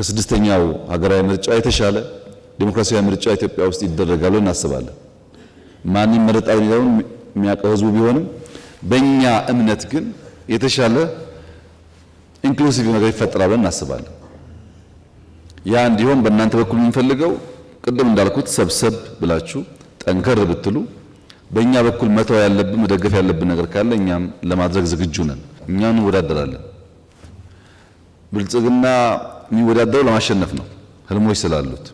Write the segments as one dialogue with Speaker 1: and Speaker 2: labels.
Speaker 1: ከስድስተኛው ሀገራዊ ምርጫ የተሻለ ዴሞክራሲያዊ ምርጫ ኢትዮጵያ ውስጥ ይደረጋል እናስባለን። ማን ይመረጣል የሚለውን የሚያውቀው ህዝቡ ቢሆንም በእኛ እምነት ግን የተሻለ ኢንክሉሲቭ ነገር ይፈጠራል እናስባለን። ያ እንዲሆን በእናንተ በኩል የምንፈልገው ቅድም እንዳልኩት ሰብሰብ ብላችሁ ጠንከር ብትሉ፣ በእኛ በኩል መተው ያለብን መደገፍ ያለብን ነገር ካለ እኛም ለማድረግ ዝግጁ ነን። እኛ እንወዳደራለን ብልጽግና የሚወዳደረው ለማሸነፍ ነው፣ ህልሞች ስላሉት።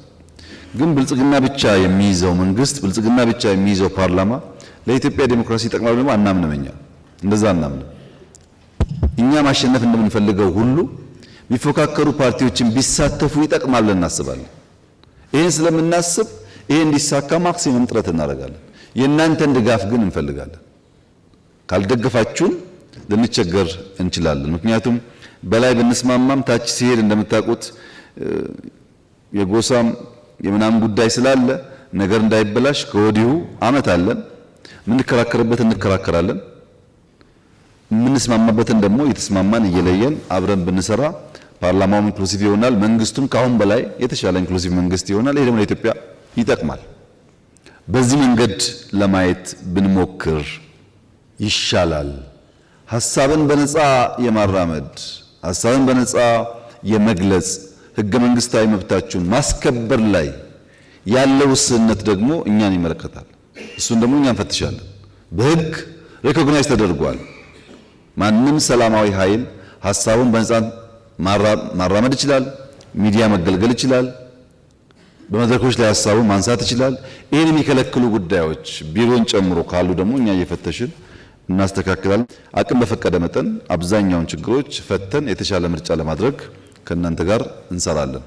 Speaker 1: ግን ብልጽግና ብቻ የሚይዘው መንግስት፣ ብልጽግና ብቻ የሚይዘው ፓርላማ ለኢትዮጵያ ዴሞክራሲ ይጠቅማሉ ደግሞ አናምንም። እኛ እንደዛ አናምንም። እኛ ማሸነፍ እንደምንፈልገው ሁሉ የሚፎካከሩ ፓርቲዎችን ቢሳተፉ ይጠቅማል እናስባለን። ይህን ስለምናስብ ይሄ እንዲሳካ ማክሲመም ጥረት እናደርጋለን። የእናንተን ድጋፍ ግን እንፈልጋለን። ካልደገፋችሁን ልንቸገር እንችላለን። ምክንያቱም በላይ ብንስማማም ታች ሲሄድ እንደምታውቁት የጎሳም የምናምን ጉዳይ ስላለ ነገር እንዳይበላሽ ከወዲሁ አመት አለን። የምንከራከርበት እንከራከራለን። የምንስማማበትን ደግሞ እየተስማማን እየለየን አብረን ብንሰራ ፓርላማውም ኢንክሉሲቭ ይሆናል። መንግስቱም ከአሁን በላይ የተሻለ ኢንክሉሲቭ መንግስት ይሆናል። ይሄ ደግሞ ለኢትዮጵያ ይጠቅማል። በዚህ መንገድ ለማየት ብንሞክር ይሻላል። ሀሳብን በነፃ የማራመድ ሀሳብን በነፃ የመግለጽ ህገ መንግስታዊ መብታችሁን ማስከበር ላይ ያለው ውስንነት ደግሞ እኛን ይመለከታል። እሱን ደግሞ እኛ እንፈትሻለን። በህግ ሬኮግናይዝ ተደርጓል። ማንም ሰላማዊ ኃይል ሀሳቡን በነፃ ማራመድ ይችላል። ሚዲያ መገልገል ይችላል። በመድረኮች ላይ ሀሳቡን ማንሳት ይችላል። ይህን የሚከለክሉ ጉዳዮች ቢሮን ጨምሮ ካሉ ደግሞ እኛ እየፈተሽን እናስተካክላለን። አቅም በፈቀደ መጠን አብዛኛውን ችግሮች ፈተን የተሻለ ምርጫ ለማድረግ ከእናንተ ጋር እንሰራለን።